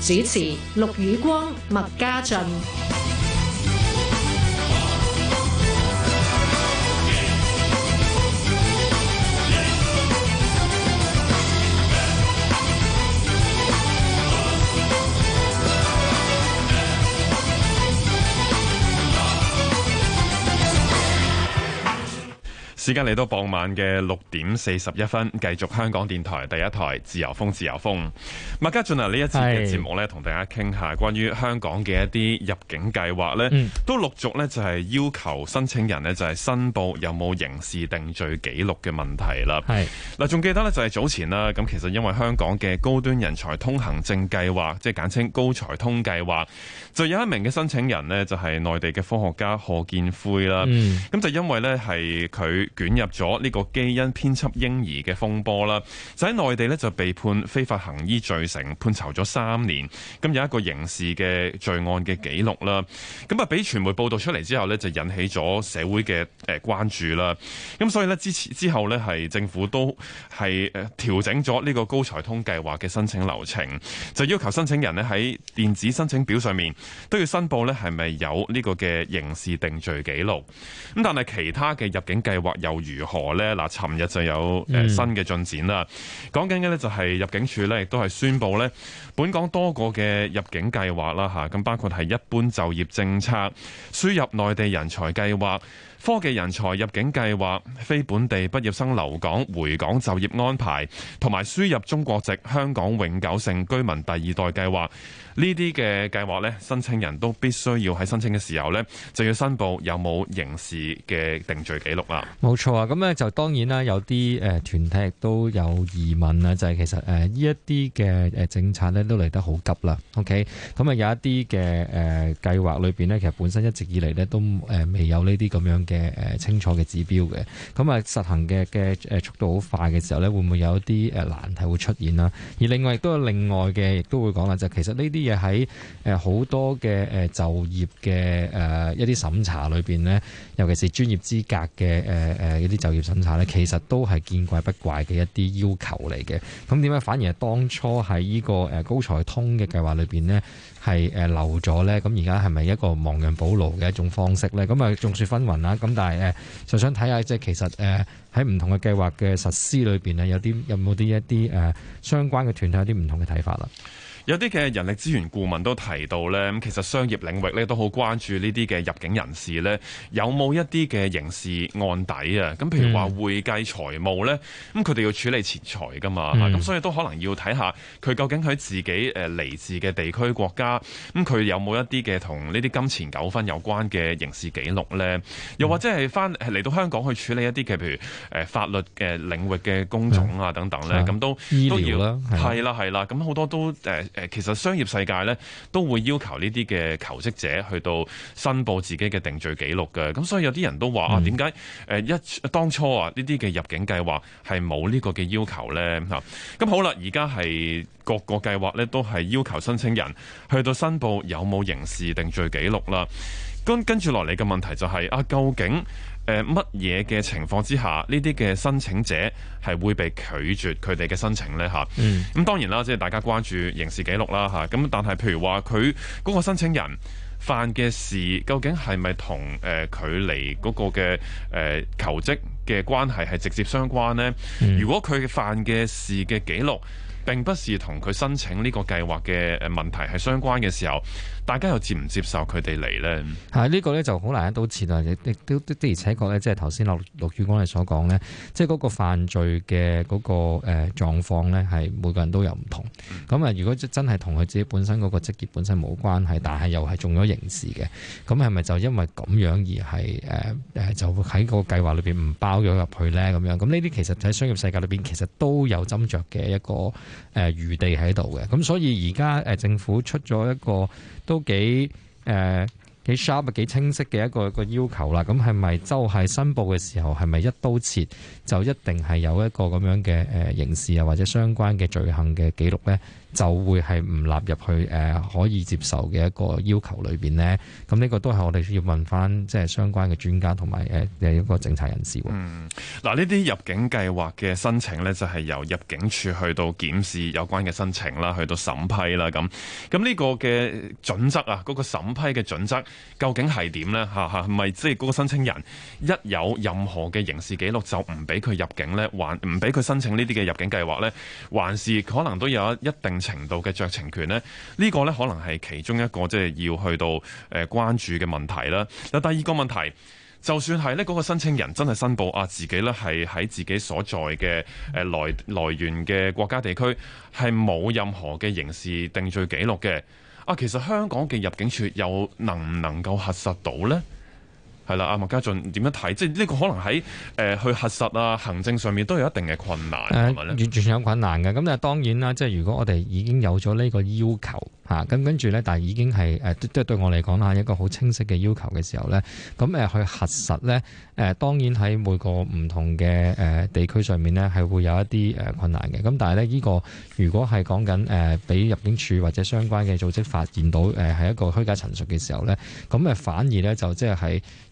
主持：陸宇光、麥家俊。時間嚟到傍晚嘅六點四十一分，繼續香港電台第一台自由風，自由風。麥家俊啊，呢一次嘅節目呢同大家傾下關於香港嘅一啲入境計劃呢都陸續呢就係要求申請人呢就係申報有冇刑事定罪記錄嘅問題啦。係嗱，仲記得呢就係早前啦，咁其實因為香港嘅高端人才通行證計劃，即係簡稱高才通計劃，就有一名嘅申請人呢，就係內地嘅科學家賀建奎啦。咁、嗯、就因為呢係佢。捲入咗呢個基因編輯嬰兒嘅風波啦，就喺內地咧就被判非法行醫罪成，判囚咗三年，咁有一個刑事嘅罪案嘅記錄啦。咁啊，俾傳媒報道出嚟之後咧，就引起咗社會嘅誒關注啦。咁所以咧，之前之後咧，係政府都係誒調整咗呢個高才通計劃嘅申請流程，就要求申請人咧喺電子申請表上面都要申報咧係咪有呢個嘅刑事定罪記錄，咁但係其他嘅入境計劃又如何呢？嗱，尋日就有誒新嘅進展啦。講緊嘅呢就係入境處咧，亦都係宣布咧，本港多個嘅入境計劃啦吓，咁包括係一般就業政策、輸入內地人才計劃、科技人才入境計劃、非本地畢業生留港回港就業安排，同埋輸入中國籍香港永久性居民第二代計劃。呢啲嘅計劃呢，申請人都必須要喺申請嘅時候呢，就要申報有冇刑事嘅定罪記錄啊。冇錯啊，咁呢就當然啦，有啲誒團體亦都有疑問啊，就係其實誒呢一啲嘅誒政策呢都嚟得好急啦。OK，咁啊有一啲嘅誒計劃裏邊呢，其實本身一直以嚟呢都誒未有呢啲咁樣嘅誒清楚嘅指標嘅，咁啊實行嘅嘅誒速度好快嘅時候呢，會唔會有一啲誒難題會出現啦？而另外亦都有另外嘅，亦都會講啦，就其實呢啲。喺誒好多嘅誒就業嘅誒一啲審查裏邊呢，尤其是專業資格嘅誒誒一啲就業審查呢，其實都係見怪不怪嘅一啲要求嚟嘅。咁點解反而係當初喺呢個誒高才通嘅計劃裏邊呢，係誒漏咗呢？咁而家係咪一個亡羊補牢嘅一種方式呢？咁啊眾說紛雲啦。咁但係誒就想睇下即係其實誒喺唔同嘅計劃嘅實施裏邊呢，有啲有冇啲一啲誒、呃、相關嘅團體有啲唔同嘅睇法啦。有啲嘅人力資源顧問都提到咧，其實商業領域咧都好關注呢啲嘅入境人士咧，有冇一啲嘅刑事案底啊？咁譬如話會計財務咧，咁佢哋要處理錢財㗎嘛，咁、嗯、所以都可能要睇下佢究竟喺自己誒嚟自嘅地區國家，咁佢有冇一啲嘅同呢啲金錢糾紛有關嘅刑事紀錄咧、嗯？又或者係返嚟到香港去處理一啲嘅，譬如誒法律嘅領域嘅工種啊等等咧，咁都都要啦，係啦係啦，咁好多都誒。呃其實商業世界呢都會要求呢啲嘅求職者去到申報自己嘅定罪記錄嘅，咁所以有啲人都話、嗯、啊，點解誒一當初啊呢啲嘅入境計劃係冇呢個嘅要求呢吓？咁好啦，而家係各個計劃呢都係要求申請人去到申報有冇刑事定罪記錄啦。跟跟住落嚟嘅問題就係、是、啊，究竟？誒乜嘢嘅情況之下，呢啲嘅申請者係會被拒絕佢哋嘅申請呢嚇。咁、嗯、當然啦，即係大家關注刑事紀錄啦嚇。咁但係譬如話佢嗰個申請人犯嘅事，究竟係咪同誒佢嚟嗰個嘅誒、呃、求職嘅關係係直接相關呢？嗯、如果佢犯嘅事嘅紀錄，並不是同佢申請呢個計劃嘅誒問題係相關嘅時候，大家又接唔接受佢哋嚟呢？係、這、呢個呢就好難一刀切啦，的而且確呢，即係頭先陸陸主官所講呢，即係嗰個犯罪嘅嗰個誒狀況咧，係每個人都有唔同。咁啊，如果真係同佢自己本身嗰個職業本身冇關係，但係又係中咗刑事嘅，咁係咪就因為咁樣而係誒誒，就喺個計劃裏邊唔包咗入去呢？咁樣咁呢啲其實喺商業世界裏邊，其實都有斟酌嘅一個。誒、呃、餘地喺度嘅，咁所以而家、呃、政府出咗一個都幾誒幾 sharp 啊，幾清晰嘅一,一個要求啦。咁係咪就係申報嘅時候，係咪一刀切就一定係有一個咁樣嘅誒、呃、刑事啊或者相關嘅罪行嘅記錄呢？就會係唔納入去誒可以接受嘅一個要求裏邊呢。咁呢個都係我哋要問翻即係相關嘅專家同埋誒一個政策人士。嗯，嗱呢啲入境計劃嘅申請呢，就係由入境處去到檢視有關嘅申請啦，去到審批啦咁。咁呢個嘅準則啊，嗰個審批嘅準則究竟係點呢？嚇嚇係咪即係嗰個申請人一有任何嘅刑事記錄就唔俾佢入境呢？還唔俾佢申請呢啲嘅入境計劃呢？還是可能都有一定程度嘅酌情權呢，呢、呢個呢，可能係其中一個即係要去到誒關注嘅問題啦。嗱，第二個問題，就算係呢個申請人真係申報啊自己呢係喺自己所在嘅誒來來源嘅國家地區係冇任何嘅刑事定罪記錄嘅，啊，其實香港嘅入境處又能唔能夠核實到呢？係啦，阿麥家俊點樣睇？即係呢個可能喺誒、呃、去核實啊，行政上面都有一定嘅困難、呃，完全有困難嘅。咁啊，當然啦，即係如果我哋已經有咗呢個要求。咁、啊、跟住咧，但係已經係誒，對我嚟講啦，一個好清晰嘅要求嘅時候咧，咁去核實咧，誒當然喺每個唔同嘅地區上面咧，係會有一啲困難嘅。咁但係咧，呢、這個如果係講緊誒，俾、呃、入境處或者相關嘅組織發現到誒係、呃、一個虛假陳述嘅時候咧，咁誒反而咧就即係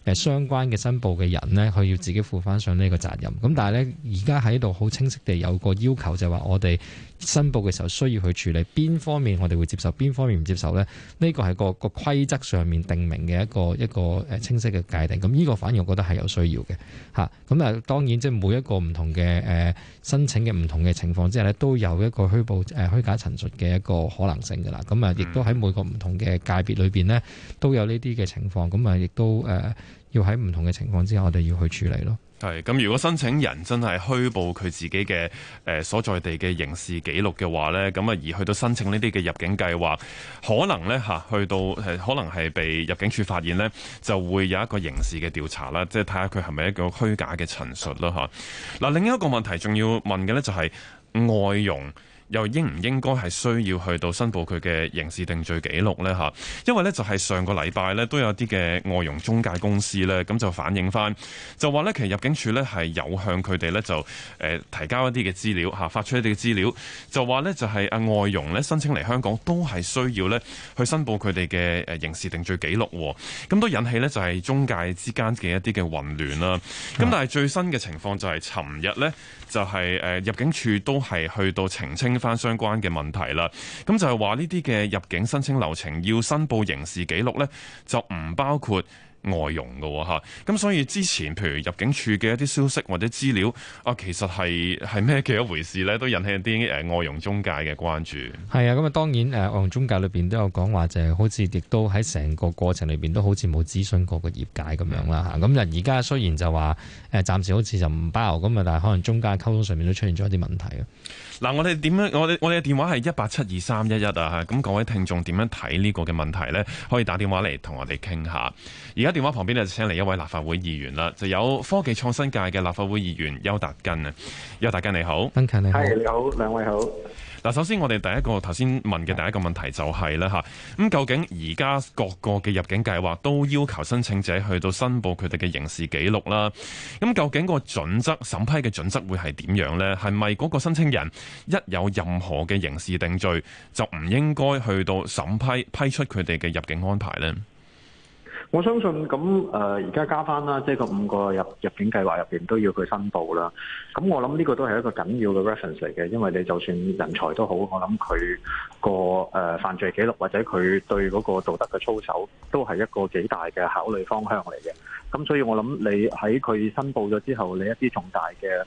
喺相關嘅申報嘅人咧，佢要自己負翻上呢個責任。咁但係咧，而家喺度好清晰地有個要求，就係、是、話我哋。申報嘅時候需要去處理邊方面，我哋會接受邊方面唔接受呢？呢個係個個規則上面定明嘅一個一個誒清晰嘅界定。咁呢個反而我覺得係有需要嘅吓。咁啊，當然即係每一個唔同嘅誒、呃、申請嘅唔同嘅情況之下呢，都有一個虛報、呃、虛假陳述嘅一個可能性噶啦。咁啊，亦都喺每個唔同嘅界別裏邊呢，都有呢啲嘅情況。咁啊，亦都誒、呃、要喺唔同嘅情況之下，我哋要去處理咯。係咁，如果申請人真係虛報佢自己嘅誒所在地嘅刑事記錄嘅話呢，咁啊，而去到申請呢啲嘅入境計劃，可能呢嚇去到可能係被入境處發現呢，就會有一個刑事嘅調查啦，即係睇下佢係咪一個虛假嘅陳述啦嚇。嗱，另一個問題仲要問嘅呢，就係外傭。又應唔應該係需要去到申報佢嘅刑事定罪記錄呢？因為呢，就係上個禮拜呢都有一啲嘅外傭中介公司呢，咁就反映翻，就話呢，其實入境處呢係有向佢哋呢就誒提交一啲嘅資料嚇，發出一啲嘅資料，就話呢，就係啊外傭呢申請嚟香港都係需要呢去申報佢哋嘅誒刑事定罪記錄，咁都引起呢，就係中介之間嘅一啲嘅混亂啦。咁但係最新嘅情況就係尋日呢。就係、是、誒入境處都係去到澄清翻相關嘅問題啦，咁就係話呢啲嘅入境申請流程要申報刑事紀錄呢，就唔包括外傭嘅喎嚇，咁所以之前譬如入境處嘅一啲消息或者資料啊，其實係係咩嘅一回事咧，都引起一啲誒外傭中介嘅關注。係啊，咁啊當然誒外傭中介裏邊都有講話，就係好似亦都喺成個過程裏邊都好似冇諮詢過個業界咁樣啦嚇。咁就而家雖然就話誒暫時好似就唔包咁啊，但係可能中介溝通上面都出現咗一啲問題。嗱，我哋點樣？我哋我哋嘅電話係一八七二三一一啊嚇。咁各位聽眾點樣睇呢個嘅問題咧？可以打電話嚟同我哋傾下。而家。電話旁邊咧，請嚟一位立法會議員啦，就有科技創新界嘅立法會議員邱達根啊，邱達根你好，歡迎你，你好，兩位好。嗱，首先我哋第一個頭先問嘅第一個問題就係啦，吓咁究竟而家各個嘅入境計劃都要求申請者去到申報佢哋嘅刑事記錄啦，咁究竟個準則審批嘅準則會係點樣呢？係咪嗰個申請人一有任何嘅刑事定罪，就唔應該去到審批批出佢哋嘅入境安排呢？我相信咁誒，而家加返啦，即係個五個入入境計劃入面都要佢申報啦。咁我諗呢個都係一個緊要嘅 reference 嚟嘅，因為你就算人才都好，我諗佢個誒犯罪記錄或者佢對嗰個道德嘅操守都係一個幾大嘅考慮方向嚟嘅。咁所以我諗你喺佢申報咗之後，你一啲重大嘅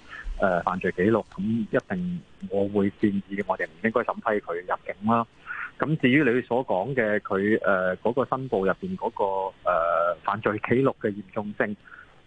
誒犯罪記錄，咁一定我會建議我哋唔應該審批佢入境啦。咁至於你所講嘅佢誒嗰個申報入面嗰、嗰個、呃、犯罪記錄嘅嚴重性，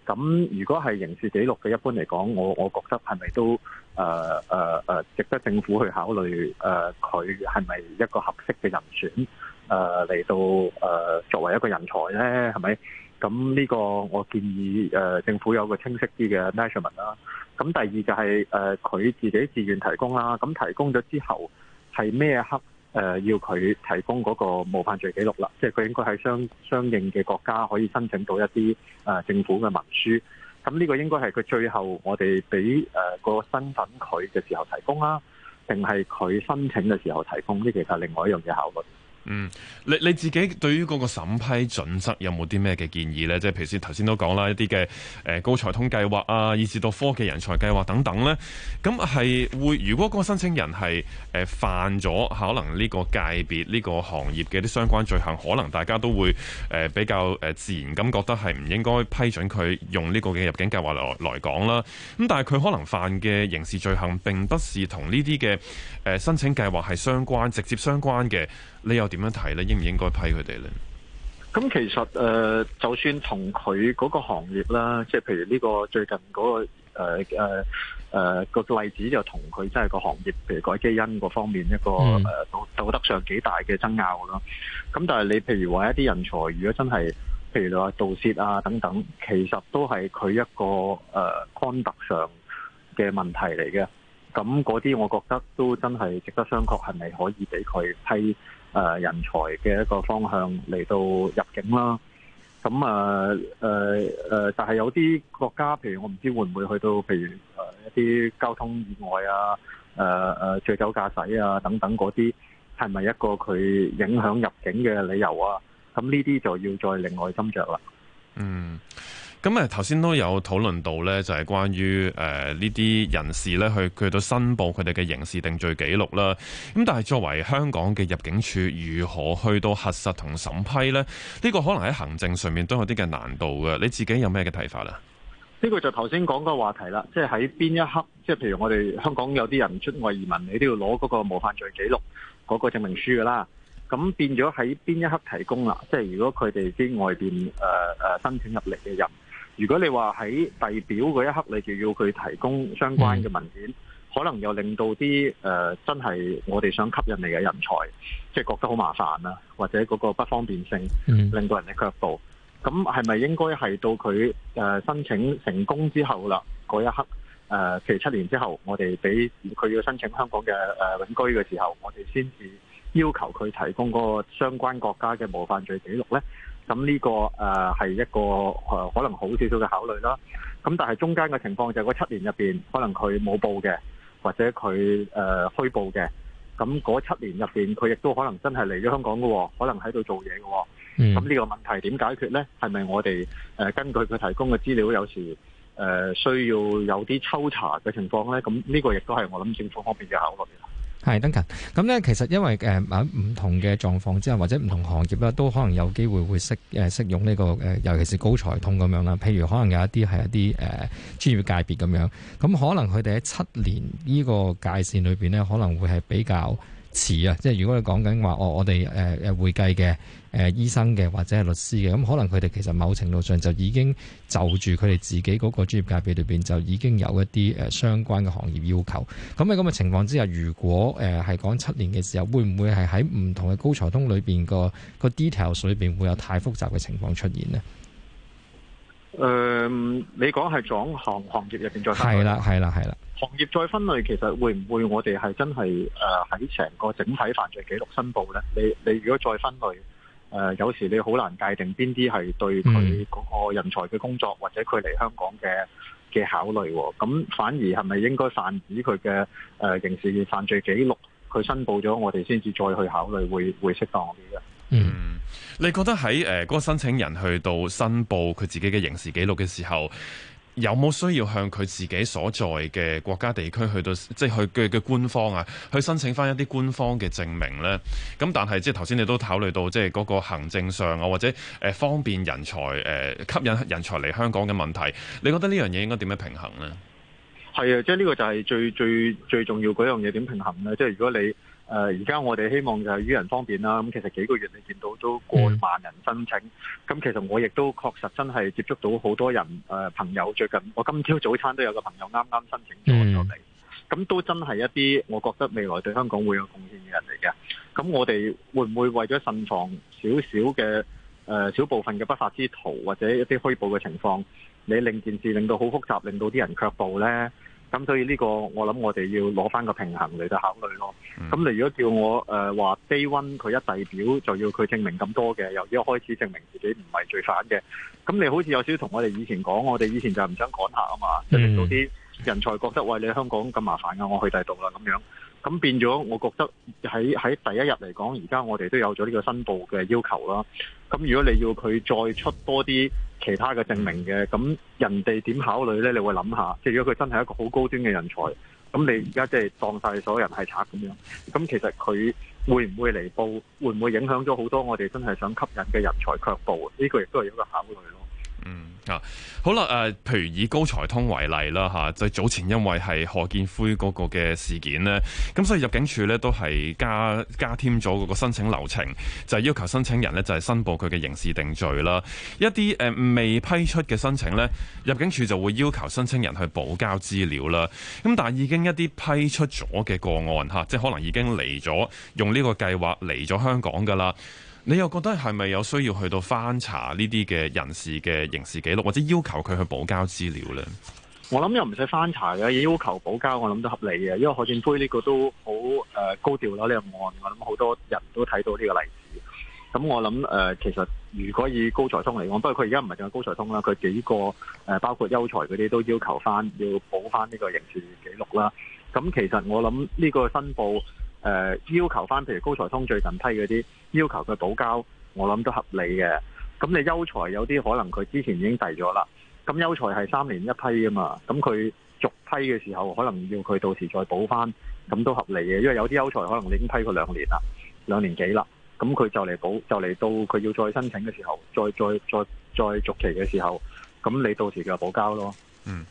咁如果係刑事記錄嘅，一般嚟講，我我覺得係咪都誒誒誒值得政府去考慮誒佢係咪一個合適嘅人選誒嚟、呃、到誒、呃、作為一個人才咧？係咪咁呢個我建議誒政府有個清晰啲嘅 measurement 啦。咁第二就係誒佢自己自願提供啦，咁提供咗之後係咩黑？誒要佢提供嗰個無犯罪記錄啦，即係佢應該喺相相應嘅國家可以申請到一啲誒、呃、政府嘅文書，咁呢個應該係佢最後我哋俾誒個身份佢嘅時候提供啦，定係佢申請嘅時候提供？呢，其實係另外一樣嘢考慮。嗯，你你自己對於嗰個審批準則有冇啲咩嘅建議呢？即係，譬如先頭先都講啦，一啲嘅誒高才通計劃啊，以至到科技人才計劃等等呢。咁係會如果嗰個申請人係誒犯咗可能呢個界別呢個行業嘅啲相關罪行，可能大家都會誒比較誒自然咁覺得係唔應該批准佢用呢個嘅入境計劃來來講啦。咁但係佢可能犯嘅刑事罪行並不是同呢啲嘅誒申請計劃係相關直接相關嘅。你又點樣睇呢？應唔應該批佢哋呢？咁、嗯、其實誒、呃，就算同佢嗰個行業啦，即係譬如呢個最近嗰、嗰個誒誒誒個例子，就同佢真係個行業，譬如改基因嗰方面一個誒、呃、道德上幾大嘅爭拗咯。咁但係你譬如話一啲人才，如果真係譬如話盜竊啊等等，其實都係佢一個誒康特上嘅問題嚟嘅。咁嗰啲，我覺得都真係值得商榷，係咪可以俾佢批誒人才嘅一個方向嚟到入境啦？咁啊誒但係有啲國家，譬如我唔知會唔會去到譬如一啲交通意外啊、誒、呃、誒醉酒駕駛啊等等嗰啲，係咪一個佢影響入境嘅理由啊？咁呢啲就要再另外斟酌啦。嗯。咁啊，頭先都有討論到咧，就係關於誒呢啲人士咧去去到申報佢哋嘅刑事定罪記錄啦。咁但係作為香港嘅入境處如何去到核實同審批咧？呢、呢個可能喺行政上面都有啲嘅難度嘅。你自己有咩嘅睇法啊？呢、呢個就頭先講個話題啦，即係喺邊一刻，即係譬如我哋香港有啲人出外移民，你都要攞嗰個無犯罪記錄嗰個證明書噶啦。咁變咗喺邊一刻提供啊？即係如果佢哋啲外邊誒誒申請入嚟嘅人，如果你話喺遞表嗰一刻，你就要佢提供相關嘅文件、嗯，可能又令到啲誒、呃、真係我哋想吸引嚟嘅人才，即、就、係、是、覺得好麻煩啦，或者嗰個不方便性，令到人哋卻步。咁係咪應該係到佢誒、呃、申請成功之後啦，嗰一刻誒，譬、呃、如七年之後，我哋俾佢要申請香港嘅誒、呃、永居嘅時候，我哋先至要求佢提供嗰個相關國家嘅無犯罪記錄呢？咁呢個誒係一個可能好少少嘅考慮啦。咁但係中間嘅情況就係嗰七年入面，可能佢冇報嘅，或者佢誒、呃、虛報嘅。咁嗰七年入面，佢亦都可能真係嚟咗香港嘅，可能喺度做嘢嘅。咁、mm. 呢個問題點解決呢？係咪我哋誒根據佢提供嘅資料，有時誒需要有啲抽查嘅情況呢？咁呢個亦都係我諗政府方面嘅考慮。係，Duncan 咁咧，其實因為誒唔同嘅狀況之下，或者唔同行業啦，都可能有機會會適誒適用呢個誒尤其是高才通咁樣啦。譬如可能有一啲係一啲誒專業界別咁樣，咁可能佢哋喺七年呢個界線裏面咧，可能會係比較遲啊，即係如果你講緊話，哦，我哋誒誒會計嘅誒醫生嘅或者係律師嘅，咁可能佢哋其實某程度上就已經就住佢哋自己嗰個專業界別裏邊，就已經有一啲誒、呃、相關嘅行業要求。咁喺咁嘅情況之下，如果誒係講七年嘅時候，會唔會係喺唔同嘅高才通裏邊、嗰個、嗰個 detail 水邊會有太複雜嘅情況出現呢？誒、嗯，你講係總行行,行業入邊再分類，係啦係啦係啦。行業再分類，其實會唔會我哋係真係誒喺成個整體犯罪記錄申報呢？你你如果再分類誒、呃，有時你好難界定邊啲係對佢嗰個人才嘅工作或者佢嚟香港嘅嘅考慮，咁反而係咪應該泛指佢嘅誒刑事犯罪記錄佢申報咗，我哋先至再去考慮會會適當啲咧？嗯，你覺得喺誒、呃嗰個申請人去到申報佢自己嘅刑事記錄嘅時候，有冇需要向佢自己所在嘅國家地區去到，即係去嘅嘅官方啊，去申請翻一啲官方嘅證明咧？咁但係即係頭先你都考慮到，即係嗰個行政上啊，或者誒、呃、方便人才誒、呃、吸引人才嚟香港嘅問題，你覺得呢樣嘢應該點樣平衡咧？係啊，即係呢個就係最最最重要嗰樣嘢點平衡咧？即係如果你。誒而家我哋希望就係與人方便啦，咁其實幾個月你見到都過萬人申請，咁、mm. 其實我亦都確實真係接觸到好多人誒朋友，最近我今朝早，早餐都有個朋友啱啱申請咗入嚟，咁、mm. 都真係一啲我覺得未來對香港會有貢獻嘅人嚟嘅，咁我哋會唔會為咗慎防少少嘅誒小部分嘅不法之徒或者一啲虛報嘅情況，你令件事令到好複雜，令到啲人卻步呢？咁所以呢個我諗我哋要攞翻個平衡嚟到考慮咯。咁你如果叫我誒話、呃、day one 佢一遞表就要佢證明咁多嘅，又要開始證明自己唔係罪犯嘅。咁你好似有少少同我哋以前講，我哋以前就係唔想趕客啊嘛，即係令到啲人才覺得喂、哎、你香港咁麻煩呀，我去第度啦咁樣。咁變咗，我覺得喺喺第一日嚟講，而家我哋都有咗呢個申報嘅要求啦。咁如果你要佢再出多啲其他嘅證明嘅，咁人哋點考慮呢？你會諗下，即係如果佢真係一個好高端嘅人才，咁你而家即係當晒所有人係賊咁樣。咁其實佢會唔會嚟報？會唔會影響咗好多我哋真係想吸引嘅人才卻步？呢個亦都係一個考慮咯。嗯好啦，誒、啊，譬如以高才通為例啦，吓，就早前因為係何建輝嗰個嘅事件呢，咁所以入境處呢都係加加添咗嗰個申請流程，就係、要求申請人呢就係申報佢嘅刑事定罪啦。一啲誒未批出嘅申請呢，入境處就會要求申請人去補交資料啦。咁但係已經一啲批出咗嘅個案吓，即係可能已經嚟咗用呢個計劃嚟咗香港噶啦。你又覺得係咪有需要去到翻查呢啲嘅人士嘅刑事紀錄，或者要求佢去補交資料呢？我諗又唔使翻查嘅，要求補交我諗都合理嘅，因為賀建奎呢個都好誒、呃、高調咯呢、呢個案，我諗好多人都睇到呢個例子。咁我諗誒、呃，其實如果以高才通嚟講，不過佢而家唔係淨係高才通啦，佢幾個誒、呃、包括優才嗰啲都要求翻要補翻呢個刑事紀錄啦。咁其實我諗呢個申報。誒、呃、要求翻，譬如高才通最近批嗰啲，要求佢補交，我諗都合理嘅。咁你優才有啲可能佢之前已經遞咗啦，咁優才係三年一批啊嘛，咁佢續批嘅時候，可能要佢到時再補翻，咁都合理嘅，因為有啲優才可能你已經批過兩年啦，兩年幾啦，咁佢就嚟補，就嚟到佢要再申請嘅時候，再再再再再續期嘅時候，咁你到時就補交咯。嗯。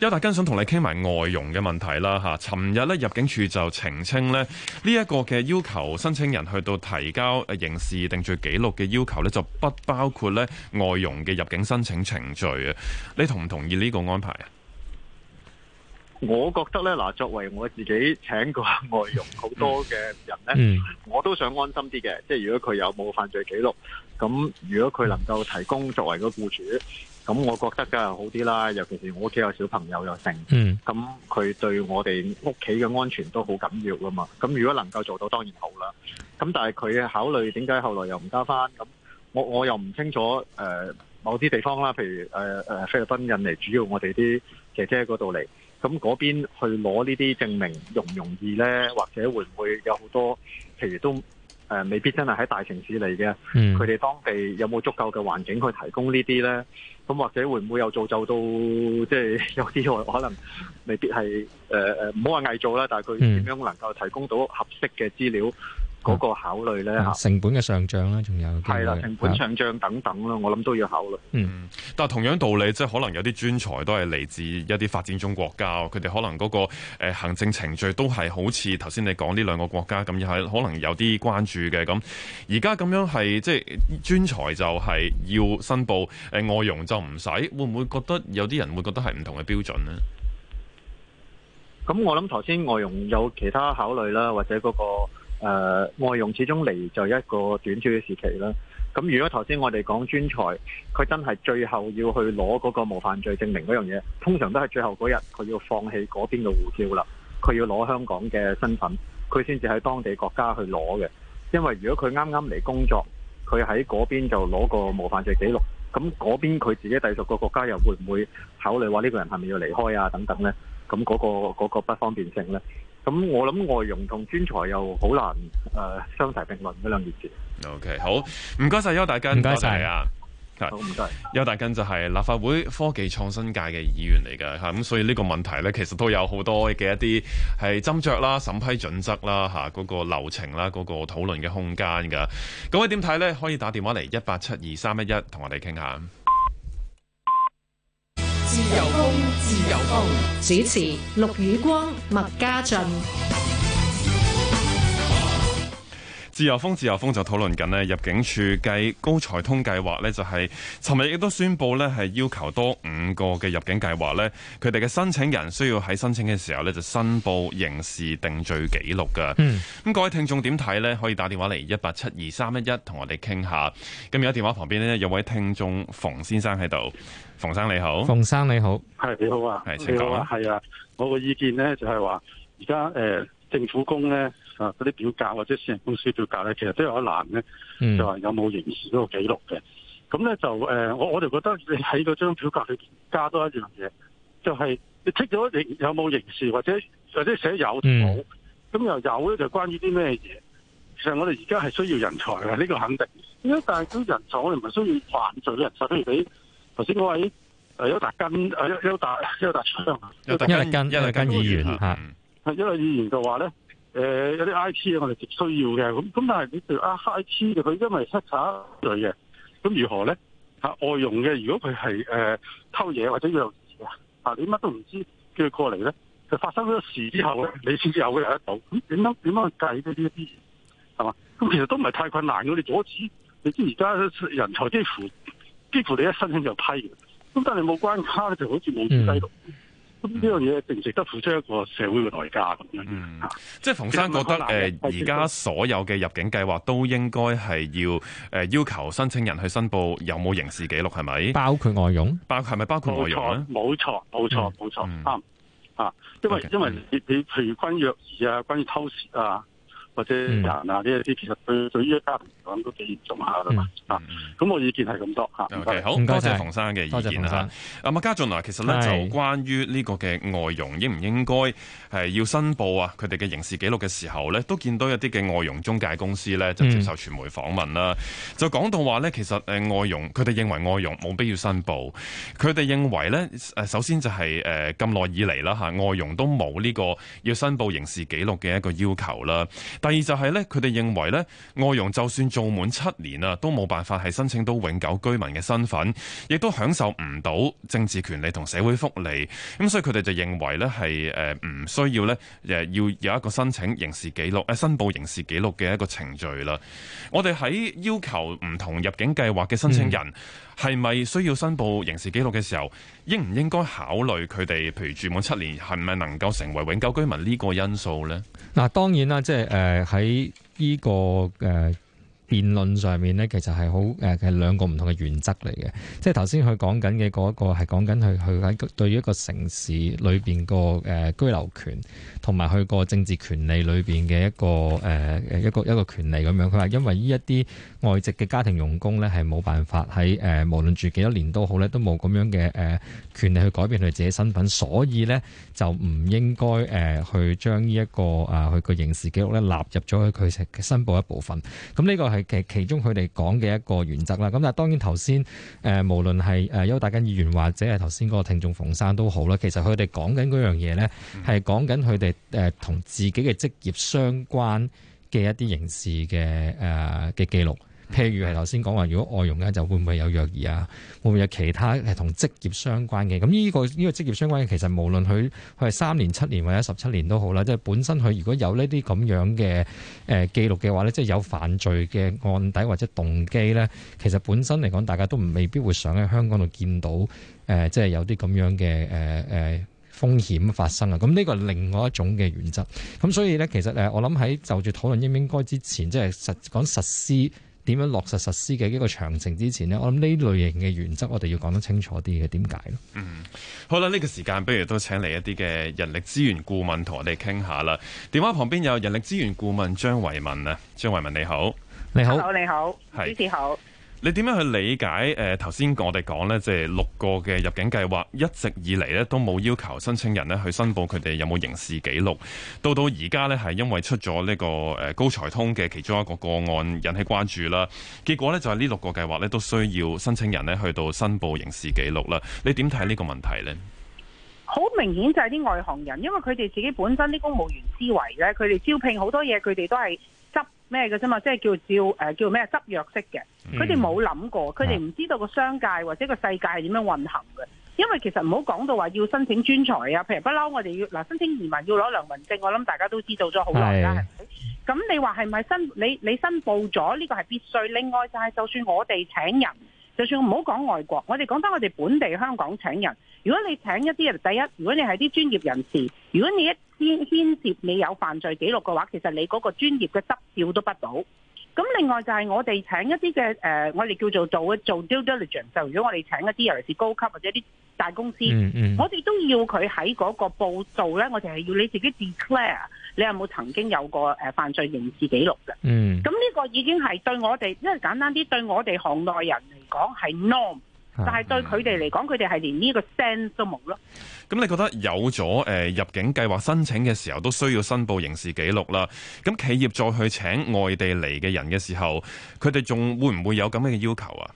邱達根，想同你傾埋外傭嘅問題啦吓，尋日咧入境處就澄清咧呢一個嘅要求，申請人去到提交刑事定罪記錄嘅要求咧就不包括咧外傭嘅入境申請程序啊，你同唔同意呢個安排啊？我覺得咧嗱，作為我自己請過外傭好多嘅人咧、 嗯，我都想安心啲嘅，即係如果佢有冇犯罪記錄，咁如果佢能夠提供作為個僱主。咁我覺得梗係好啲啦，尤其是我屋企有小朋友又剩，咁、嗯、佢對我哋屋企嘅安全都好緊要噶嘛。咁如果能夠做到當然好啦。咁但係佢考慮點解後來又唔加翻？咁我我又唔清楚誒、呃、某啲地方啦，譬如誒、呃、菲律賓、印尼，主要我哋啲姐姐嗰度嚟，咁嗰邊去攞呢啲證明容唔容易咧？或者會唔會有好多譬如都？誒、呃，未必真係喺大城市嚟嘅，佢、嗯、哋，當地有冇足夠嘅環境去提供這些呢啲咧？咁或者會唔會有造就到，即係有啲可能未必係誒誒，唔好話偽造啦，但係佢點樣能夠提供到合適嘅資料？嗰、嗯嗰個考慮呢，嗯、成本嘅上漲呢，仲有係啦，成本上漲等等我諗都要考慮。嗯，但同樣道理，即可能有啲專才都係嚟自一啲發展中國家，佢哋可能嗰、嗰個、呃、行政程序都係好似頭先你講呢兩個國家咁，又可能有啲關注嘅。咁而家咁樣係即係專才就係要申報，誒、呃、外傭，就唔使，會唔會覺得有啲人會覺得係唔同嘅標準呢？咁我諗頭先外傭有其他考慮啦，或者嗰、嗰個。誒、呃，外傭始終嚟，就一個短暫嘅時期啦。咁如果頭先我哋講專才，佢真係最後要去攞嗰個無犯罪證明嗰樣嘢，通常都係最後嗰日佢要放棄嗰邊嘅護照啦，佢要攞香港嘅身份，佢先至喺當地國家去攞嘅。因為如果佢啱啱嚟工作，佢喺嗰邊就攞個無犯罪記錄，咁嗰邊佢自己隸屬個國家又會唔會考慮話呢個人係咪要離開啊？等等呢，咁、那、嗰個嗰、那個不方便性呢。咁我諗外容同專才又好難誒、呃、相提並論嗰兩件事。OK，好，唔該晒邱達根，唔該晒啊，好唔該。邱達根就係立法會科技創新界嘅議員嚟噶吓，咁所以呢個問題呢，其實都有好多嘅一啲係斟酌啦、審批準則啦、吓嗰、嗰個流程啦、嗰、嗰個討論嘅空間噶。各位點睇呢？可以打電話嚟一八七二三一一，同我哋傾下。自由風主持陸宇光麥家俊，自由風自由風就討論緊咧，入境處計高才通計劃呢就係尋日亦都宣布呢係要求多五個嘅入境計劃呢，佢哋嘅申請人需要喺申請嘅時候咧，就申報刑事定罪記錄噶、嗯。咁各位聽眾點睇呢？可以打電話嚟，一八七二三一一同我哋傾下。咁而家電話旁邊呢，有位聽眾馮先生喺度。馮生你好，馮生你好，係你好啊，係請講啊。係啊，我嘅意見咧就係、是、話，而家誒政府工咧啊，嗰啲表格或者私人公司表格咧，其實都有一欄咧，就話有冇刑事嗰個記錄嘅，咁、嗯、咧就誒、呃、我我哋覺得你喺嗰張表格裏加多一樣嘢，就係、是、你剔咗有冇刑事或者或者寫有同冇。咁、嗯、又有咧就是、關於啲咩嘢？其實我哋而家係需要人才嘅，呢、這個肯定，點解？但係啲人才我哋唔係需要犯罪嘅人手。譬如俾。頭先位邱達根，一一笪一有窗，邱達根，邱達根議員吓，邱達議員就話咧，誒、呃、有啲 IT 嘅我哋直需要嘅，咁咁但係你對啊 IT 嘅佢因為七茶類嘅，咁如何咧？吓、啊、外傭嘅，如果佢係誒偷嘢或者有事啊，你乜都唔知，叫佢過嚟咧，佢發生咗事之後咧，你先至有個人得到，咁點樣點樣去計呢啲啲係嘛？咁其實都唔係太困難嘅，你阻止，你知而家人才幾乎。似乎你一申請就批，咁但係你冇關卡咧，就好似冇記錄。咁、嗯、呢樣嘢值唔值得付出一個社會嘅代價咁樣？嗯、即係馮生覺得誒，而、嗯、家、呃、所有嘅入境計劃都應該係要誒、呃、要求申請人去申報有冇刑事記錄，係咪？包括外傭，包係咪包括外傭？冇錯，冇錯，冇錯，啱啊、哦嗯！因為 okay, 因為你你、okay. 譬如關於虐兒啊，關於偷竊啊。或者啊，呢一啲其實對對於家庭嚟講都幾嚴重下噶嘛嚇。咁、嗯嗯啊、我意見係咁多嚇。OK 好，多謝馮生嘅意見啦。咁啊，家俊啊，其實咧就關於呢個嘅外傭應唔應該係要申報啊？佢哋嘅刑事記錄嘅時候咧，都見到一啲嘅外傭中介公司咧就接受傳媒訪問啦、嗯，就講到話咧，其實誒外傭佢哋認為外傭冇必要申報，佢哋認為咧誒首先就係誒咁耐以嚟啦嚇，外傭都冇呢個要申報刑事記錄嘅一個要求啦。第二就係咧，佢哋認為咧，外傭就算做滿七年啊，都冇辦法係申請到永久居民嘅身份，亦都享受唔到政治權利同社會福利。咁所以佢哋就認為咧，係誒唔需要咧誒，要有一個申請刑事記錄誒，申報刑事記錄嘅一個程序啦。我哋喺要求唔同入境計劃嘅申請人。嗯係咪需要申報刑事記錄嘅時候，應唔應該考慮佢哋譬如住滿七年係咪能夠成為永久居民呢個因素咧？嗱，當然啦，即係誒喺呢個誒。呃辯論上面咧，其實係好誒係兩個唔同嘅原則嚟嘅。即係頭先佢講緊嘅嗰一個係講緊佢佢喺對於一個城市裏邊個誒居留權同埋佢個政治權利裏邊嘅一個誒一個一個，一個權利咁樣，佢話因為呢一啲外籍嘅家庭傭工咧，係冇辦法喺誒無論住幾多年都好咧，都冇咁樣嘅誒權利去改變佢自己身份，所以咧就唔應該誒去將呢一個啊佢個刑事記錄咧納入咗佢佢嘅申報一部分。咁呢個。係其其中佢哋講嘅一個原則啦，咁但係當然頭先誒，無論係誒邱達根議員或者係頭先嗰個聽眾馮生都好啦，其實佢哋講緊嗰樣嘢咧，係講緊佢哋誒同自己嘅職業相關嘅一啲刑事嘅誒嘅記錄。譬如係頭先講話，如果外傭嘅就會唔會有虐兒啊？會唔會有其他誒同職業相關嘅？咁呢、這個呢、這個職業相關嘅，其實無論佢佢係三年、七年或者十七年都好啦，即係本身佢如果有呢啲咁樣嘅誒、呃、記錄嘅話咧，即係有犯罪嘅案底或者動機咧，其實本身嚟講，大家都唔未必會想喺香港度見到誒、呃，即係有啲咁樣嘅誒誒風險發生啊！咁呢個係另外一種嘅原則。咁所以咧，其實誒，我諗喺就住討論應唔應該之前，即係實講實施。點樣落實實施嘅一個詳情之前呢？我諗呢類型嘅原則我哋要講得清楚啲嘅，點解咧？嗯，好啦，呢個時間不如都請嚟一啲嘅人力資源顧問同我哋傾下啦。電話旁邊有人力資源顧問張慧敏啊，張慧敏你好，你好，你好，你好，主持好。你點樣去理解？誒頭先我哋講呢，即係六個嘅入境計劃，一直以嚟咧都冇要求申請人咧去申報佢哋有冇刑事記錄。到到而家呢係因為出咗呢個誒高才通嘅其中一個個案引起關注啦，結果呢，就係呢六個計劃咧都需要申請人咧去到申報刑事記錄啦。你點睇呢個問題呢？好明顯就係啲外行人，因為佢哋自己本身啲公務員思維咧，佢哋招聘好多嘢，佢哋都係。咩嘅啫嘛，即係叫照誒叫咩執約式嘅，佢哋冇諗過，佢哋唔知道個商界或者個世界係點樣運行嘅，因為其實唔好講到話要申請專才啊，譬如不嬲我哋要嗱申請移民要攞良民證，我諗大家都知道咗好耐啦，係咪？咁你話係咪申你你申報咗呢個係必須，另外就係就算我哋請人，就算唔好講外國，我哋講翻我哋本地香港請人。如果你請一啲人，第一，如果你係啲專業人士，如果你一牽牽涉你有犯罪記錄嘅話，其實你嗰個專業嘅執照都不到。咁另外就係我哋請一啲嘅誒，我哋叫做做做 due diligence。就如果我哋請一啲，尤其是高級或者啲大公司，mm -hmm. 我哋都要佢喺嗰個報道呢。我哋係要你自己 declare。你有冇曾經有過誒犯罪刑事記錄嘅？嗯，咁呢個已經係對我哋，因為簡單啲，對我哋行內人嚟講係 norm、嗯、但係對佢哋嚟講，佢哋係連呢個 send 都冇咯。咁你覺得有咗誒、呃、入境計劃申請嘅時候，都需要申報刑事記錄啦？咁企業再去請外地嚟嘅人嘅時候，佢哋仲會唔會有咁樣嘅要求啊？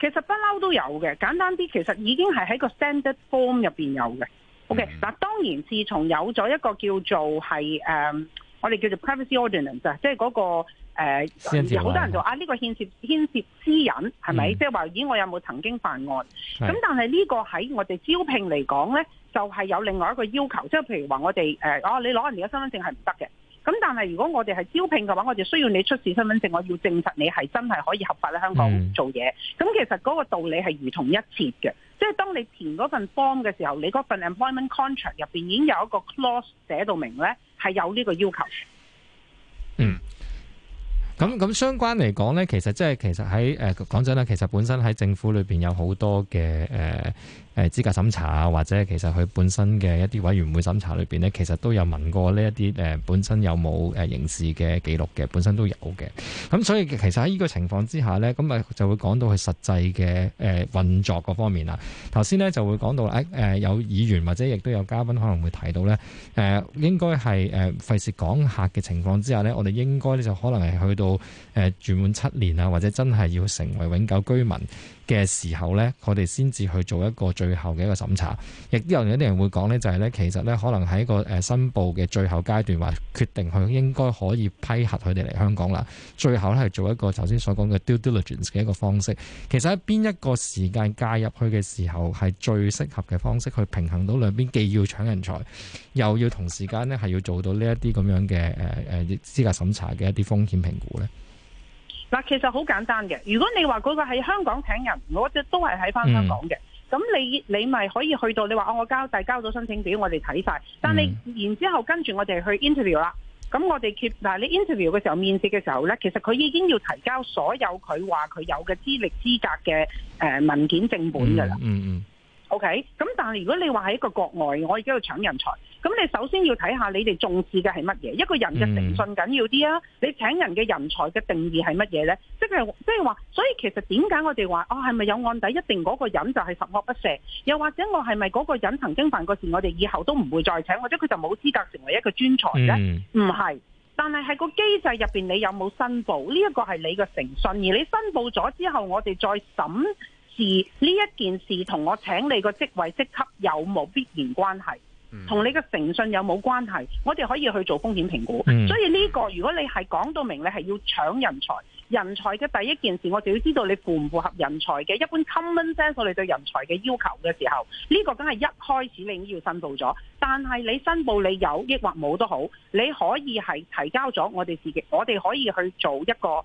其實不嬲都有嘅，簡單啲，其實已經係喺個 standard form 入邊有嘅。嗱、okay, 當然，自從有咗一個叫做係誒，um, 我哋叫做 Privacy Ordinance 是、那個 uh, 啊，即係嗰個誒，好多人就啊，呢個牽涉牽涉私隱係咪、嗯？即係話咦，我有冇曾經犯案？咁但係呢個喺我哋招聘嚟講咧，就係、是、有另外一個要求，即係譬如話我哋誒，哦、uh，你攞人哋嘅身份證係唔得嘅。咁但係如果我哋係招聘嘅話，我哋需要你出示身份證，我要證實你係真係可以合法喺香港做嘢。咁、嗯、其實嗰個道理係如同一切嘅，即係當你填嗰份 form 嘅時候，你嗰份 employment contract 入邊已經有一個 clause 寫到明呢，係有呢個要求。嗯。咁咁相關嚟講呢，其實即係其實喺誒講真啦，其實本身喺政府裏邊有好多嘅誒。呃誒資格審查啊，或者其實佢本身嘅一啲委員會審查裏邊呢，其實都有問過呢一啲誒本身有冇誒刑事嘅記錄嘅，本身都有嘅。咁所以其實喺呢個情況之下呢，咁啊就會講到佢實際嘅誒、呃、運作嗰方面啦。頭先呢就會講到誒誒、呃、有議員或者亦都有嘉賓可能會提到呢，誒、呃、應該係誒費事講客嘅情況之下呢，我哋應該咧就可能係去到誒、呃、住滿七年啊，或者真係要成為永久居民。嘅時候呢，我哋先至去做一個最後嘅一個審查。亦都有啲人會講呢，就係呢，其實呢，可能喺一個誒、呃、申報嘅最後階段，話決定佢應該可以批核佢哋嚟香港啦。最後呢，係做一個頭先所講嘅 due diligence 嘅一個方式。其實喺邊一個時間介入去嘅時候，係最適合嘅方式去平衡到兩邊，既要搶人才，又要同時間呢，係要做到呢一啲咁樣嘅誒誒資格審查嘅一啲風險評估呢。嗱，其實好簡單嘅。如果你話嗰個喺香港請人，我只都係喺翻香港嘅。咁、嗯、你你咪可以去到，你話我交遞交咗申請表，我哋睇晒。但你、嗯、然之後跟住我哋去 interview 啦。咁我哋 keep 嗱，你 interview 嘅時候面試嘅時候咧，其實佢已經要提交所有佢話佢有嘅資歷資格嘅、呃、文件正本㗎啦。嗯嗯。OK。咁但係如果你話喺一個國外，我而家要搶人才。咁你首先要睇下你哋重視嘅係乜嘢？一個人嘅誠信緊要啲啊、嗯！你請人嘅人才嘅定義係乜嘢咧？即係即係話，所以其實點解我哋話哦，係咪有案底一定嗰個人就係十惡不赦？又或者我係咪嗰個人曾經犯過事，我哋以後都唔會再請，或者佢就冇資格成為一個專才咧？唔、嗯、係。但係係個機制入邊，你有冇申報呢一、這個係你嘅誠信，而你申報咗之後，我哋再審視呢一件事同我請你個職位職級有冇必然關係。同你嘅誠信有冇關係？我哋可以去做風險評估，嗯、所以呢個如果你係講到明，你係要搶人才，人才嘅第一件事，我哋要知道你符唔符合人才嘅一般 common sense 我哋對人才嘅要求嘅時候，呢個梗係一開始你已經要申報咗，但係你申報你有抑或冇都好，你可以係提交咗我哋自己，我哋可以去做一個誒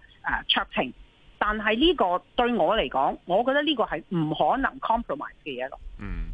卓評，但係呢個對我嚟講，我覺得呢個係唔可能 compromise 嘅嘢咯。嗯。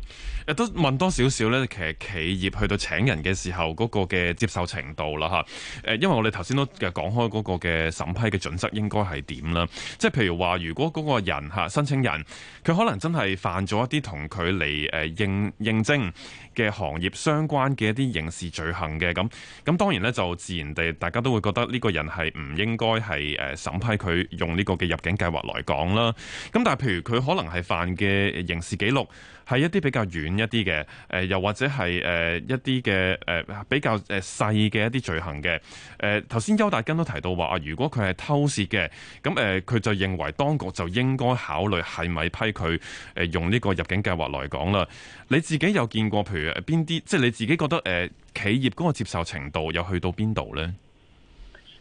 亦都問多少少咧，其實企業去到請人嘅時候，嗰個嘅接受程度啦，嚇因為我哋頭先都講講開嗰個嘅審批嘅準則應該係點啦？即係譬如話，如果嗰個人嚇申請人，佢可能真係犯咗一啲同佢嚟誒應應徵嘅行業相關嘅一啲刑事罪行嘅咁，咁當然咧就自然地大家都會覺得呢個人係唔應該係誒審批佢用呢個嘅入境計劃嚟講啦。咁但係譬如佢可能係犯嘅刑事記錄。係一啲比較遠一啲嘅，誒、呃、又或者係誒、呃、一啲嘅誒比較誒、呃、細嘅一啲罪行嘅。誒頭先邱達根都提到話、呃，如果佢係偷竊嘅，咁誒佢就認為當局就應該考慮係咪批佢誒、呃、用呢個入境計劃來講啦。你自己有見過譬如邊啲、呃，即係你自己覺得誒、呃、企業嗰個接受程度又去到邊度咧？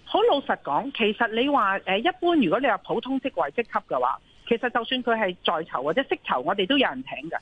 好老實講，其實你話誒、呃、一般，如果你話普通職位職級嘅話。其實就算佢係在囚或者釋囚，我哋都有人請嘅，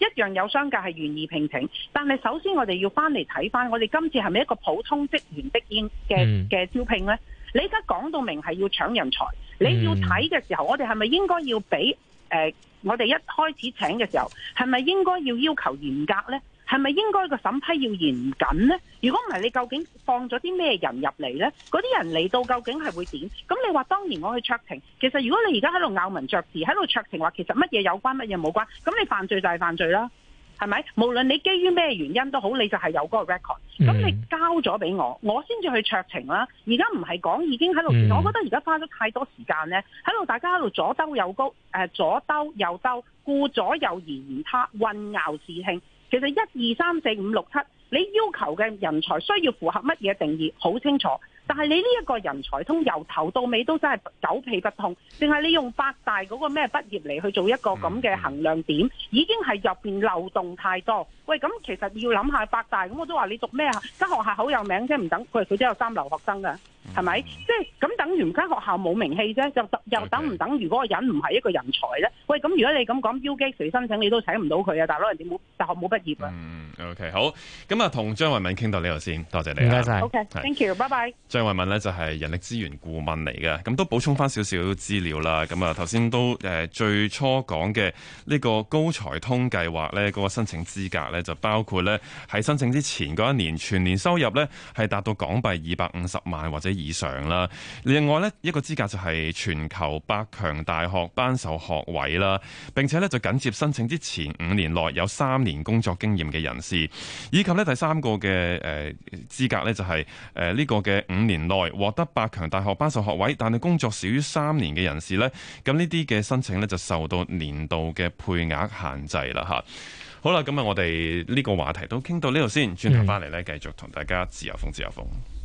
一樣有商家係願意聘請。但係首先我哋要翻嚟睇翻，我哋今次係咪一個普通職員的應嘅嘅招聘呢？你而家講到明係要搶人才，你要睇嘅時候，我哋係咪應該要俾？誒、呃，我哋一開始請嘅時候，係咪應該要要求嚴格呢？係咪應該個審批要嚴謹呢？如果唔係，你究竟放咗啲咩人入嚟呢？嗰啲人嚟到究竟係會點？咁你話當年我去酌情，其實如果你而家喺度咬文嚼字，喺度酌情話其實乜嘢有關，乜嘢冇關，咁你犯罪就係犯罪啦，係咪？無論你基於咩原因都好，你就係有嗰個 record，咁、嗯、你交咗畀我，我先至去酌情啦。而家唔係講已經喺度、嗯，我覺得而家花咗太多時間呢，喺度大家喺度左兜右高、呃，左兜右兜，顧左右而言他，混淆視聽。其實一二三四五六七，你要求嘅人才需要符合乜嘢定義？好清楚。但係你呢一個人才通由頭到尾都真係狗屁不通，淨係你用八大嗰個咩畢業嚟去做一個咁嘅衡量點，已經係入面漏洞太多。喂，咁其實要諗下八大，咁我都話你讀咩啊間學校好有名啫，唔等佢，佢都有三流學生㗎，係、嗯、咪？即係咁等於間學校冇名氣啫，就又等唔等？如果個人唔係一個人才咧，喂，咁如果你咁講，標記誰申請你都請唔到佢啊！大佬人哋冇大學冇畢業啊。嗯 O.K. 好，咁啊，同張慧敏傾到呢度先，多謝你，唔該晒。O.K. Thank you，拜拜。張慧敏咧就係人力資源顧問嚟嘅，咁都補充翻少少資料啦。咁啊，頭先都誒最初講嘅呢個高才通計劃咧，嗰個申請資格咧就包括咧喺申請之前嗰一年全年收入咧係達到港幣二百五十萬或者以上啦。另外咧一個資格就係全球百強大學頒授學位啦，並且咧就緊接申請之前五年內有三年工作經驗嘅人。是，以及咧第三個嘅誒資格咧，就係誒呢個嘅五年內獲得百強大學頒授學位，但係工作少於三年嘅人士咧，咁呢啲嘅申請咧就受到年度嘅配額限制啦，吓。好啦，咁啊，我哋呢個話題都傾到呢度先，轉頭翻嚟咧，繼續同大家自由風，自由風。